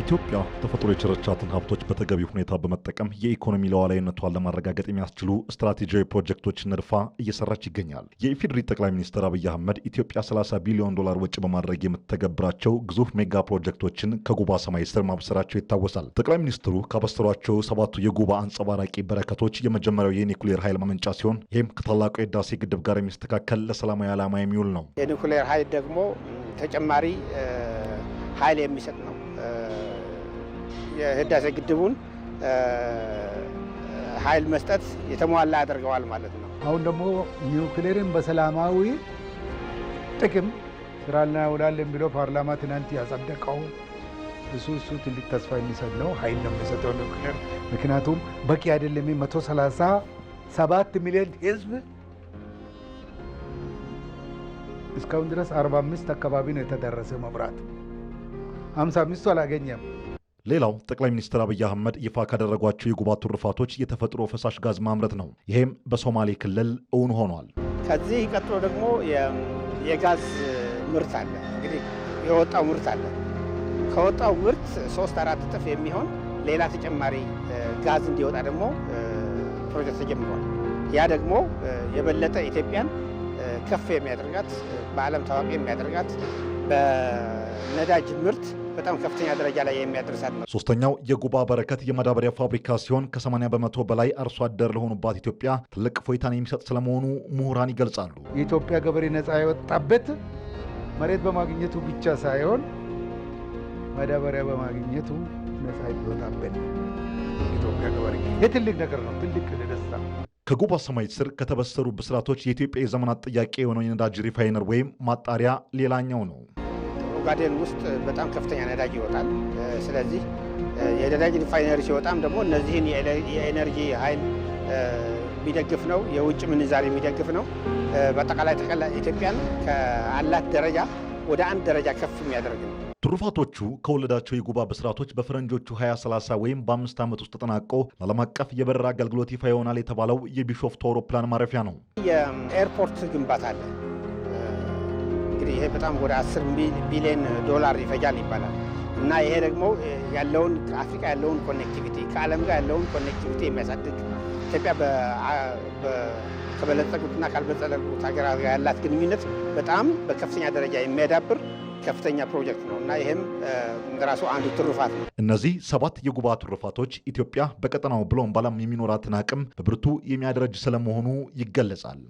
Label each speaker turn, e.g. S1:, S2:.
S1: ኢትዮጵያ ተፈጥሮ የቸረቻትን ሀብቶች በተገቢ ሁኔታ በመጠቀም የኢኮኖሚ ለዋላዊነቷን ለማረጋገጥ የሚያስችሉ ስትራቴጂያዊ ፕሮጀክቶች ነድፋ እየሰራች ይገኛል። የኢፌዴሪ ጠቅላይ ሚኒስትር አብይ አህመድ ኢትዮጵያ 30 ቢሊዮን ዶላር ወጪ በማድረግ የምትተገብራቸው ግዙፍ ሜጋ ፕሮጀክቶችን ከጉባ ሰማይ ስር ማብሰራቸው ይታወሳል። ጠቅላይ ሚኒስትሩ ካበሰሯቸው ሰባቱ የጉባ አንጸባራቂ በረከቶች የመጀመሪያው የኒኩሌር ኃይል ማመንጫ ሲሆን ይህም ከታላቁ የህዳሴ ግድብ ጋር የሚስተካከል ለሰላማዊ ዓላማ የሚውል ነው።
S2: የኒኩሌር ኃይል ደግሞ ተጨማሪ ኃይል የሚሰጥ ነው። የህዳሴ ግድቡን ኃይል መስጠት የተሟላ ያደርገዋል ማለት ነው።
S3: አሁን ደግሞ ኒውክሌርን በሰላማዊ ጥቅም ስራ እናውላለን የሚለው ፓርላማ ትናንት ያጸደቀው እሱ እሱ ትልቅ ተስፋ የሚሰጥ ነው። ኃይል ነው የሚሰጠው ኒውክሌር። ምክንያቱም በቂ አይደለም። መቶ ሰላሳ ሰባት ሚሊዮን ህዝብ እስካሁን ድረስ 45 አካባቢ ነው የተደረሰ መብራት አምሳ አምስቱ አላገኘም።
S1: ሌላው ጠቅላይ ሚኒስትር አብይ አህመድ ይፋ ካደረጓቸው የጉባቱ ርፋቶች የተፈጥሮ ፈሳሽ ጋዝ ማምረት ነው። ይሄም በሶማሌ ክልል እውን ሆኗል።
S2: ከዚህ ቀጥሎ ደግሞ የጋዝ ምርት አለ። እንግዲህ የወጣው ምርት አለ። ከወጣው ምርት ሶስት አራት እጥፍ የሚሆን ሌላ ተጨማሪ ጋዝ እንዲወጣ ደግሞ ፕሮጀክት ተጀምሯል። ያ ደግሞ የበለጠ ኢትዮጵያን ከፍ የሚያደርጋት በዓለም ታዋቂ የሚያደርጋት በነዳጅ ምርት በጣም ከፍተኛ ደረጃ ላይ የሚያደርሳት
S1: ነው። ሶስተኛው የጉባ በረከት የማዳበሪያ ፋብሪካ ሲሆን ከ80 በመቶ በላይ አርሶ አደር ለሆኑባት ኢትዮጵያ ትልቅ እፎይታን የሚሰጥ ስለመሆኑ ምሁራን ይገልጻሉ።
S3: የኢትዮጵያ ገበሬ ነፃ የወጣበት መሬት በማግኘቱ ብቻ ሳይሆን ማዳበሪያ በማግኘቱ ነፃ የወጣበት ኢትዮጵያ ገበሬ ይህ ትልቅ ነገር ነው። ትልቅ ደስታ
S1: ከጉባ ሰማይ ስር ከተበሰሩ ብስራቶች የኢትዮጵያ የዘመናት ጥያቄ የሆነው የነዳጅ ሪፋይነር ወይም ማጣሪያ ሌላኛው ነው።
S2: ኦጋዴን ውስጥ በጣም ከፍተኛ ነዳጅ ይወጣል። ስለዚህ የነዳጅ ሪፋይነሪ ሲወጣም ደግሞ እነዚህን የኤነርጂ ኃይል የሚደግፍ ነው። የውጭ ምንዛሪ የሚደግፍ ነው። በአጠቃላይ ኢትዮጵያን ከአላት ደረጃ ወደ አንድ ደረጃ ከፍ የሚያደርግ ነው።
S1: ትሩፋቶቹ ከወለዳቸው የጉባ ብስራቶች በፈረንጆቹ 2030 ወይም በአምስት ዓመት ውስጥ ተጠናቆ ለዓለም አቀፍ የበረራ አገልግሎት ይፋ ይሆናል የተባለው የቢሾፍቱ አውሮፕላን ማረፊያ ነው።
S2: የኤርፖርት ግንባታ አለ። እንግዲህ ይሄ በጣም ወደ 10 ቢሊዮን ዶላር ይፈጃል ይባላል እና ይሄ ደግሞ ያለውን አፍሪካ ያለውን ኮኔክቲቪቲ ከዓለም ጋር ያለውን ኮኔክቲቪቲ የሚያሳድግ ኢትዮጵያ ከበለጸጉትና ካልበለጸጉት ሀገራት ጋር ያላት ግንኙነት በጣም በከፍተኛ ደረጃ የሚያዳብር ከፍተኛ ፕሮጀክት ነው እና ይህም እንደራሱ አንዱ ትሩፋት ነው።
S1: እነዚህ ሰባት የጉባ ትሩፋቶች ኢትዮጵያ በቀጠናው ብሎም ባላም የሚኖራትን አቅም በብርቱ የሚያደረጅ ስለመሆኑ ይገለጻል።